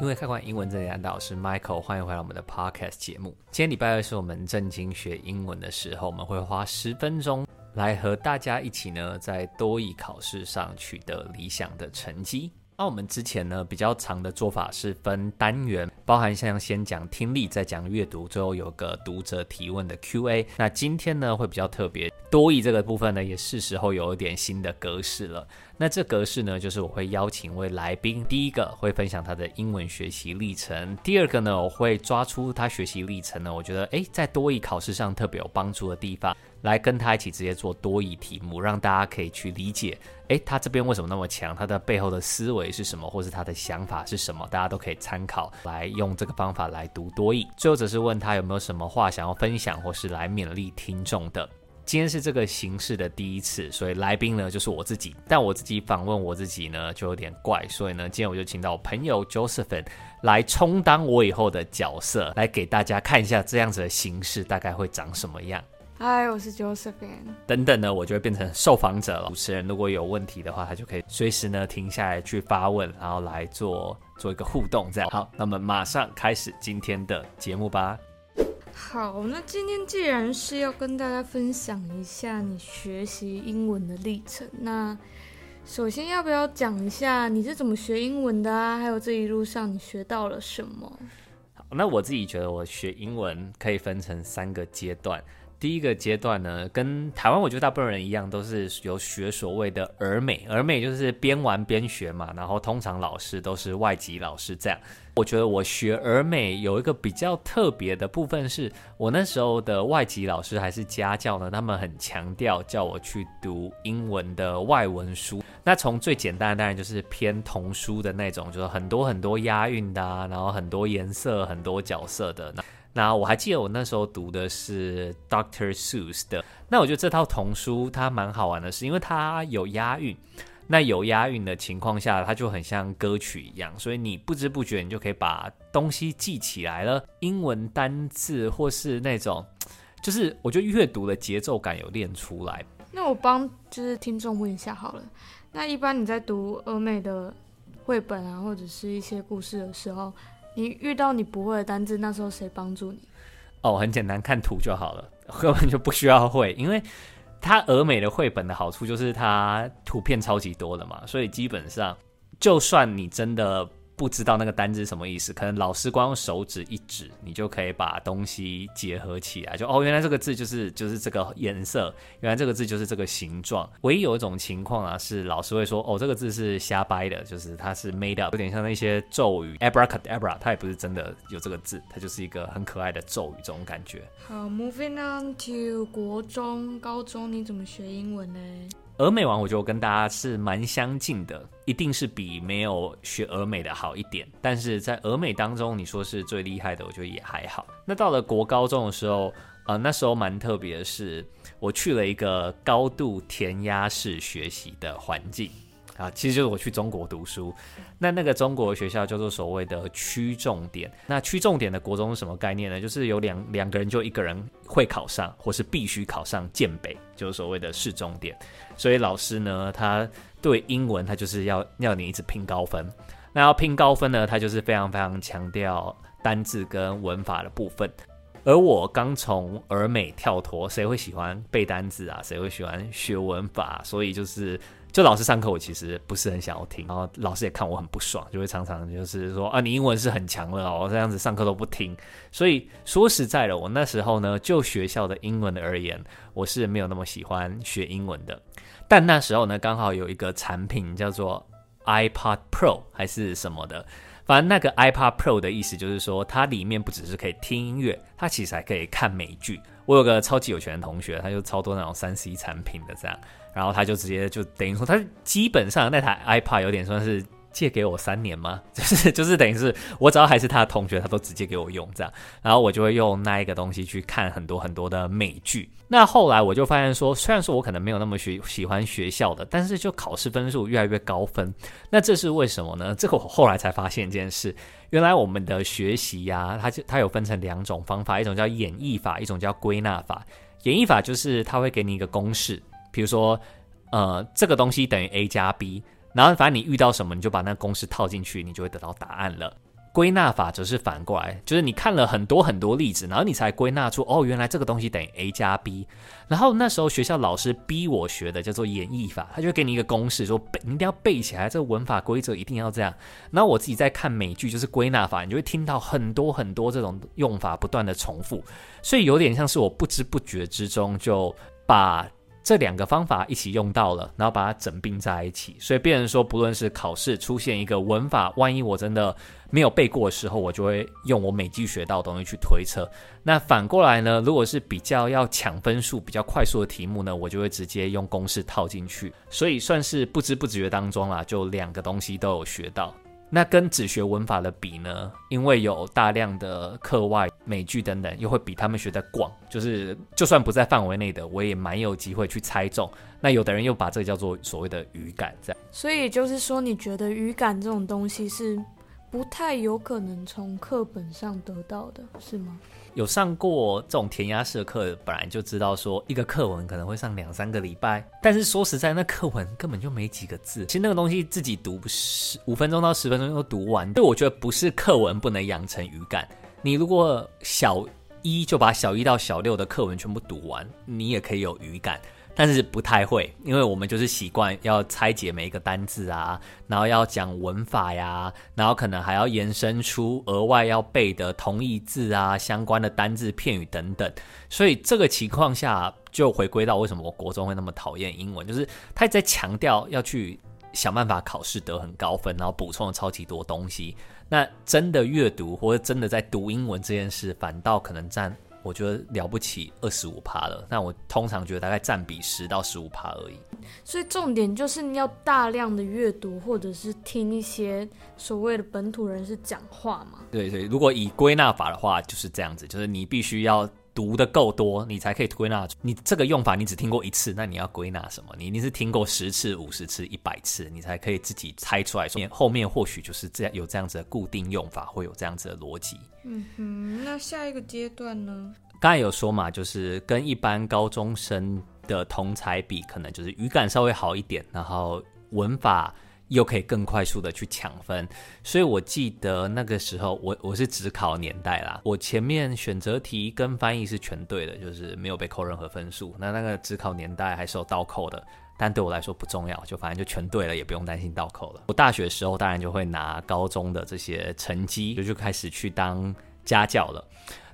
因為易開罐，英文這裡的導師 Michael，歡迎回來我們的 podcast 節目。今天禮拜二是我們正經學英文的時候，我們會花十分鐘來和大家一起呢，在多益考試上取得理想的成績。那、啊、我們之前呢比較長的做法是分單元，包含像先講聽力，再講閱讀，最後有個讀者提問的 Q&A。那今天呢會比較特別，多益這個部分呢也是時候有一點新的格式了。那這格式呢就是我會邀請一位來賓，第一個會分享他的英文學習歷程，第二個呢我會抓出他學習歷程呢，我覺得誒、欸，在多益考試上特別有幫助的地方。來跟他一起直接做多益題目，讓大家可以去理解，誒，他這邊為什麼那麼強？他的背後的思維是什麼，或是他的想法是什麼？大家都可以參考來用這個方法來讀多益。最後則是問他有沒有什麼話想要分享，或是來勉勵聽眾的。今天是這個形式的第一次，所以來賓呢就是我自己，但我自己訪問我自己呢就有點怪，所以呢今天我就請到我朋友 Josephine 來充當我以後的角色，來給大家看一下這樣子的形式大概會長什麼樣。嗨，我是 Josephine。等等呢，我就會變成受訪者了。主持人如果有問題的話，他就可以隨時呢停下來去發問，然後來做做一個互動，這樣。好，那我們馬上開始今天的節目吧。好，那今天既然是要跟大家分享一下你學習英文的歷程，那首先要不要講一下你是怎麼學英文的啊？還有這一路上你學到了什麼？好，那我自己覺得我學英文可以分成三個階段。第一個階段呢，跟台灣我覺得大部分人一樣，都是有學所謂的兒美，兒美就是邊玩邊學嘛。然後通常老師都是外籍老師這樣。我覺得我學兒美有一個比較特別的部分是，是我那時候的外籍老師還是家教呢，他們很強調叫我去讀英文的外文書。那從最簡單的當然就是偏童書的那種，就是很多很多押韻的啊，然後很多顏色、很多角色的。那我還記得我那時候讀的是 Dr. Seuss 的。那我覺得這套童書它蠻好玩的，是因為它有押韻。那有押韻的情況下，它就很像歌曲一樣，所以你不知不覺你就可以把東西記起來了，英文單字或是那種，就是我覺得閱讀的節奏感有練出來。那我幫就是聽眾問一下好了，那一般你在讀兒美的繪本啊，或者是一些故事的時候，你遇到你不會的單字，那時候誰幫助你？哦，很簡單，看圖就好了，根本就不需要會，因為，它歐美的繪本的好處就是它圖片超級多的嘛，所以基本上就算你真的，不知道那個單字是什麼意思，可能老師光用手指一指，你就可以把東西結合起來。就哦，原來這個字就是就是這個顏色，原來這個字就是這個形狀。唯一有一種情況啊，是老師會說哦，這個字是瞎掰的，就是它是 made up，有點像那些咒語 Abracadabra，它也不是真的有這個字，它就是一個很可愛的咒語，這種感覺。好，moving on to 國中、高中，你怎麼學英文呢？兒美王，我覺得跟大家是蠻相近的，一定是比沒有學兒美的好一點。但是在兒美當中，你說是最厲害的，我覺得也還好。那到了國高中的時候，呃，那時候蠻特別的是，我去了一個高度填鴨式學習的環境。啊，其實就是我去中國讀書，那那個中國學校叫做所謂的區重點。那區重點的國中是什麼概念呢？就是有兩兩個人，就一個人會考上，或是必須考上建北，就是所謂的市重點。所以老師呢，他對英文他就是要要你一直拼高分。那要拼高分呢，他就是非常非常強調單字跟文法的部分。而我剛從爾美跳脫，誰會喜歡背單字啊？誰會喜歡學文法？所以就是。就老師上課，我其實不是很想要聽，然後老師也看我很不爽，就會常常就是說啊，你英文是很強了，我這樣子上課都不聽。所以說實在的，我那時候呢，就學校的英文而言，我是沒有那麼喜歡學英文的。但那時候呢，剛好有一個產品叫做 iPod Pro 還是什麼的，反正那個 iPod Pro 的意思就是說，它裡面不只是可以聽音樂，它其實還可以看美劇。我有個超級有錢的同學，他就超多那種三 C 產品的這樣。然後他就直接就等於說，他基本上那台 iPad 有點算是借給我三年嗎？就是就是等於是我只要還是他的同學，他都直接給我用這樣。然後我就會用那一個東西去看很多很多的美劇。那後來我就發現說，雖然說我可能沒有那麼學喜歡學校的，但是就考試分數越來越高分，那這是為什麼呢？這個我後來才發現一件事，原來我們的學習呀、啊，它就它有分成兩種方法，一種叫演繹法，一種叫歸納法。演繹法就是它會給你一個公式。比如說，呃，這個東西等於 a 加 b，然後反正你遇到什麼你就把那個公式套進去，你就會得到答案了。歸納法則是反過來，就是你看了很多很多例子，然後你才歸納出，哦，原來這個東西等於 a 加 b。然後那時候學校老師逼我學的叫做演繹法，他就會給你一個公式說背，你一定要背起來，這個文法規則一定要這樣。然後我自己在看美劇，就是歸納法，你就會聽到很多很多這種用法不斷的重複，所以有點像是我不知不覺之中就把。這兩個方法一起用到了，然後把它整併在一起。所以變成說，不論是考試出現一個文法，萬一我真的沒有背過的時候，我就會用我每句學到的東西去推測。那反過來呢，如果是比較要搶分數、比較快速的題目呢，我就會直接用公式套進去。所以算是不知不覺當中啦，就兩個東西都有學到。那跟只學文法的比呢？因為有大量的課外美劇等等，又會比他們學的廣。就是就算不在範圍內的，我也蠻有機會去猜中。那有的人又把這叫做所謂的語感，這樣。所以就是說，你覺得語感這種東西是不太有可能從課本上得到的，是嗎？有上過這種填鴨式的課，本來就知道說，一個課文可能會上兩三個禮拜，但是說實在，那課文根本就沒幾個字。其實那個東西自己讀，不是五分鐘到十分鐘就讀完。所以我覺得不是課文不能養成語感，你如果小一就把小一到小六的課文全部讀完，你也可以有語感。但是不太會，因為我們就是習慣要拆解每一個單字啊，然後要講文法呀，然後可能還要延伸出額外要背的同義字啊、相關的單字片語等等。所以這個情況下，就回歸到為什麼我國中會那麼討厭英文，就是他也在強調要去想辦法考試得很高分，然後補充了超級多東西。那真的閱讀或者真的在讀英文這件事，反倒可能占。我覺得了不起25，二十五趴了。但我通常覺得大概占比十到十五趴而已。所以重點就是你要大量的閱讀，或者是聽一些所謂的本土人士講話嘛。對對，如果以歸納法的話，就是這樣子，就是你必須要。讀的夠多，你才可以歸納。你這個用法你只聽過一次，那你要歸納什麼？你一定是聽過十次、五十次、一百次，你才可以自己猜出來。後面或許就是這樣，有這樣子的固定用法，會有這樣子的邏輯。嗯哼，那下一個階段呢？剛才有說嘛，就是跟一般高中生的同儕比，可能就是語感稍微好一點，然後文法。又可以更快速地去搶分，所以我記得那個時候，我我是指考年代啦，我前面選擇題跟翻譯是全對的，就是沒有被扣任何分數。那那個指考年代還是有倒扣的，但對我來說不重要，就反正就全對了，也不用擔心倒扣了。我大學的時候，當然就會拿高中的這些成績，就就開始去當家教了。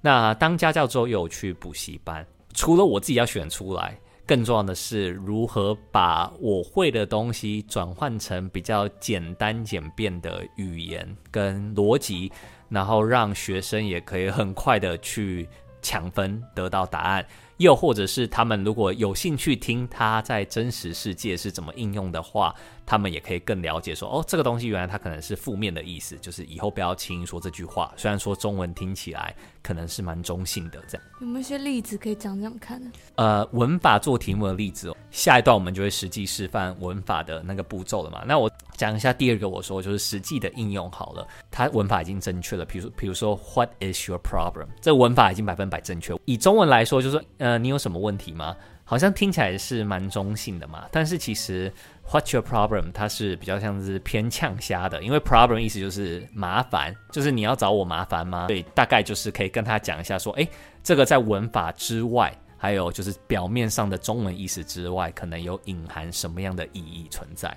那當家教之後，又有去補習班，除了我自己要選出來。更重要的是，如何把我會的東西轉換成比較簡單簡便的語言跟邏輯，然後讓學生也可以很快的去搶分，得到答案。又或者是他們如果有興趣聽它在真實世界是怎麼應用的話，他們也可以更了解說哦，這個東西原來它可能是負面的意思，就是以後不要輕易說這句話。雖然說中文聽起來可能是蠻中性的，這樣有沒有些例子可以講講看呢？呃，文法做題目的例子哦，下一段我們就會實際示範文法的那個步驟了嘛。那我。講一下第二個，我說就是實際的應用好了，它文法已經正確了。比如，比如說 What is your problem？這文法已經百分百正確。以中文來說，就是呃，你有什麼問題嗎？好像聽起來是蠻中性的嘛。但是其實 What's your problem？它是比較像是偏嗆瞎的，因為 problem 意思就是麻煩，就是你要找我麻煩嗎？所以大概就是可以跟他講一下說，誒，這個在文法之外，還有就是表面上的中文意思之外，可能有隱含什麼樣的意義存在。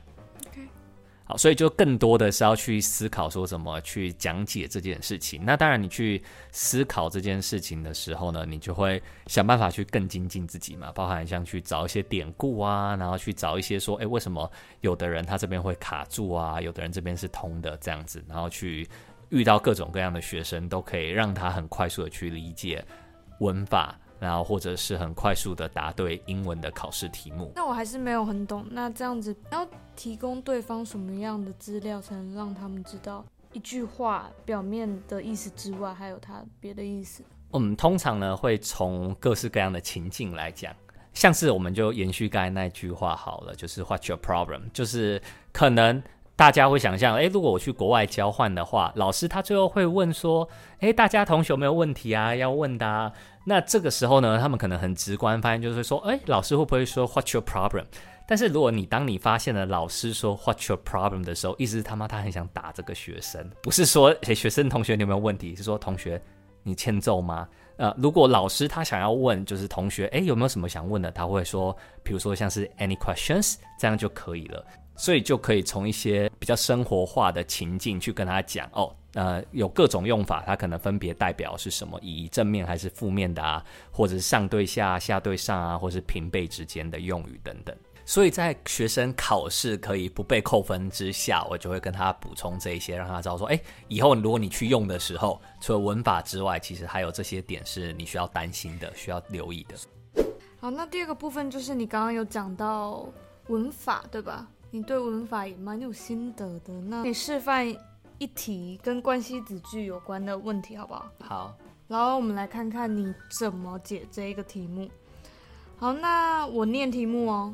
好，所以就更多的是要去思考，說怎麼去講解這件事情。那當然，你去思考這件事情的時候呢，你就會想辦法去更精進自己嘛。包含像去找一些典故啊，然後去找一些說，哎、欸，為什麼有的人他這邊會卡住啊，有的人這邊是通的這樣子，然後去遇到各種各樣的學生，都可以讓他很快速的去理解文法，然後或者是很快速的答對英文的考試題目。那我還是沒有很懂，那這樣子，提供對方什麼樣的資料才能讓他們知道一句話表面的意思之外，還有他別的意思？我、嗯、們通常呢會從各式各樣的情境來講，像是我們就延續剛才那句話好了，就是 What's your problem？就是可能大家會想象，誒、欸，如果我去國外交換的話，老師他最後會問說，誒、欸，大家同學有沒有問題啊要問的、啊？那這個時候呢，他們可能很直觀發現就是說，誒、欸，老師會不會說 What's your problem？但是如果你當你發現了老師說 What's your problem 的時候，意思是他媽他很想打這個學生，不是說、欸、學生同學你有沒有問題，是說同學你欠揍嗎？呃，如果老師他想要問，就是同學誒、欸，有沒有什麼想問的，他會說，比如說像是 Any questions 這樣就可以了。所以就可以從一些比較生活化的情境去跟他講哦，呃有各種用法，它可能分別代表是什麼，以正面還是負面的啊，或者是上對下，下對上啊，或者是平輩之間的用語等等。所以在學生考試可以不被扣分之下，我就會跟他補充這一些，讓他知道說，哎、欸，以後如果你去用的時候，除了文法之外，其實還有這些點是你需要擔心的，需要留意的。好，那第二個部分就是你剛剛有講到文法，對吧？你對文法也蠻有心得的，那你示範一題跟關係子句有關的問題好不好？好，然後我們來看看你怎麼解這一個題目。好，那我念題目哦。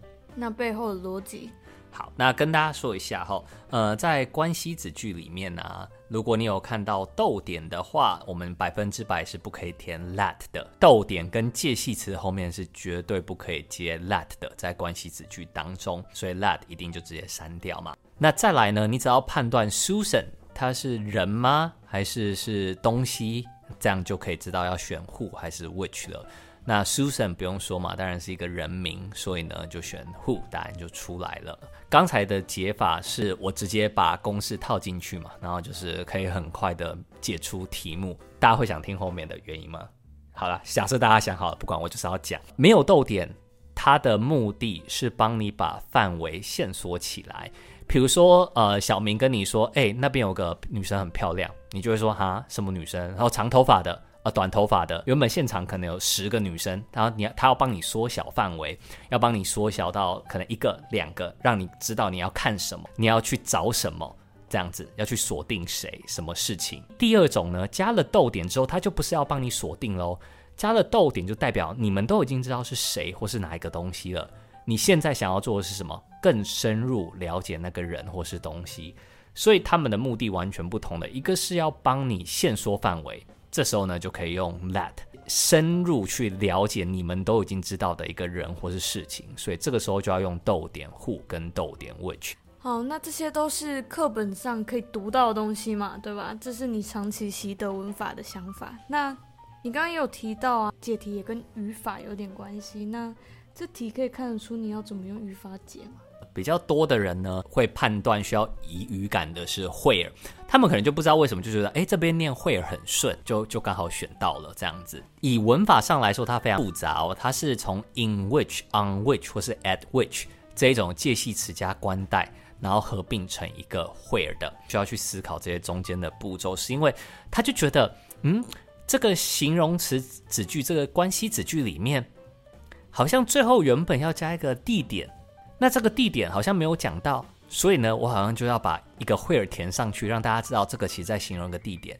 那背後的邏輯，好，那跟大家說一下哈，呃，在關係子句裡面呢、啊，如果你有看到逗點的話，我們百分之百是不可以填 that 的，逗點跟介系詞後面是絕對不可以接 that 的，在關係子句當中，所以 that 一定就直接刪掉嘛。那再來呢，你只要判斷 Susan 他是人嗎？還是是東西，這樣就可以知道要選 who 還是 which 了。那 Susan 不用說嘛，當然是一個人名，所以呢就選 Who，答案就出來了。剛才的解法是我直接把公式套進去嘛，然後就是可以很快的解出題目。大家會想聽後面的原因嗎？好了，假設大家想好了，不管我就是要講，沒有逗點，它的目的是幫你把範圍限縮起來。比如說，呃，小明跟你說，誒、欸，那邊有個女生很漂亮，你就會說，哈，什麼女生？然後長頭髮的。呃，短頭髮的，原本現場可能有十個女生，然後你他要幫你縮小範圍，要幫你縮小到可能一個、兩個，讓你知道你要看什麼，你要去找什麼，這樣子要去鎖定誰，什麼事情。第二種呢，加了逗點之後，他就不是要幫你鎖定嘍，加了逗點就代表你們都已經知道是誰或是哪一個東西了，你現在想要做的是什麼？更深入了解那個人或是東西，所以他們的目的完全不同的，一個是要幫你限縮範圍。這時候呢，就可以用 that 深入去了解你們都已經知道的一個人或是事情，所以這個時候就要用逗點 who 跟逗點 which。好，那這些都是課本上可以讀到的東西嘛，對吧？這是你長期習得文法的想法。那你剛剛也有提到啊，解題也跟語法有點關係。那這題可以看得出你要怎麼用語法解嘛？比較多的人呢，會判斷需要以語感的是 where，他們可能就不知道為什麼就覺得，哎、欸，這邊念 where 很順，就就剛好選到了這樣子。以文法上來說，它非常複雜哦，它是從 in which，on which 或是 at which 這一種介系詞加關代，然後合併成一個 where 的，需要去思考這些中間的步驟，是因為他就覺得，嗯，這個形容詞子句，這個關係子句裡面，好像最後原本要加一個地點。那這個地點好像沒有講到，所以呢，我好像就要把一個 where 填上去，讓大家知道這個其實在形容一個地點。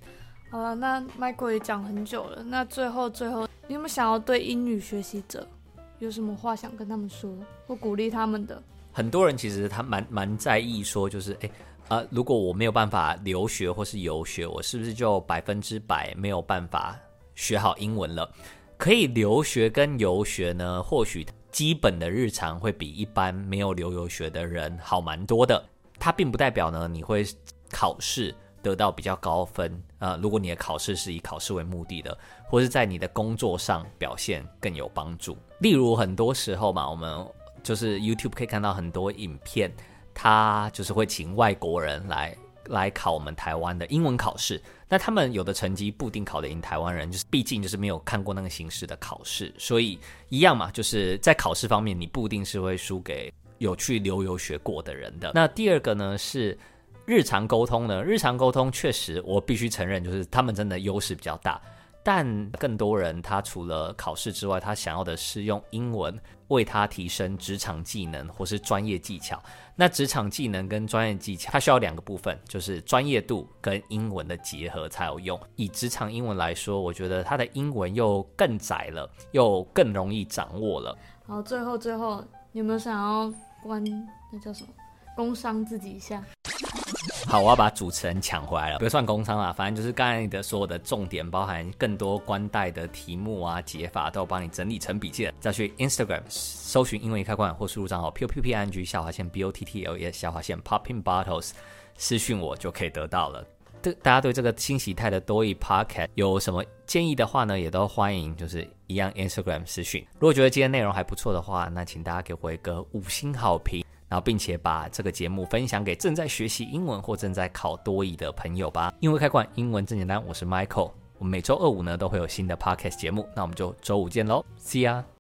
好了，那 Michael 也講很久了，那最後最後，你有沒有想要對英語學習者有什麼話想跟他們說，或鼓勵他們的？很多人其實他蠻蠻在意說，就是誒啊、欸呃，如果我沒有辦法留學或是遊學，我是不是就百分之百沒有辦法學好英文了？可以留學跟遊學呢，或許他。基本的日常會比一般沒有留遊學的人好蠻多的，它，並不代表呢你會考試得到比較高分啊，呃，如果你的考試是以考試為目的的，或是在你的工作上表現更有幫助。例如很多時候嘛，我們就是 YouTube 可以看到很多影片，它就是會請外國人來。來考我們台灣的英文考試，那他們有的成績不一定考得贏台灣人，就是畢竟就是沒有看過那個形式的考試，所以一樣嘛，就是在考試方面，你不一定是會輸給有去留遊學過的人的。那第二個呢是日常溝通呢，日常溝通確實我必須承認，就是他們真的優勢比較大。但更多人，他除了考試之外，他想要的是用英文為他提升職場技能，或是專業技巧。那職場技能跟專業技巧，它需要兩個部分，就是專業度跟英文的結合才有用。以職場英文來說，我覺得它的英文又更窄了，又更容易掌握了。好，最後最後，你有沒有想要關？那叫什麼？工商自己一下。好，我要把主持人搶回來了，不算工傷啊。反正就是剛才你的所有的重點，包含更多關鍵的題目啊、解法，都幫你整理成筆記了。再去 Instagram 搜尋英文易開罐，或輸入賬號 p o p p i n g 下劃線 b o t t l e s 下劃線 popping bottles，私訊我就可以得到了。對，大家對這個新形態的多益 Podcast 有什麼建議的話呢，也都歡迎，就是一樣 Instagram 私訊。如果覺得今天內容還不錯的話，那請大家給我一個五星好評。然後，並且把這個節目分享給正在學習英文或正在考多益的朋友吧。英文易開罐，英文真簡單。我是 Michael，我們每周二五呢都會有新的 Podcast 節目，那我們就周五見嘍，See ya。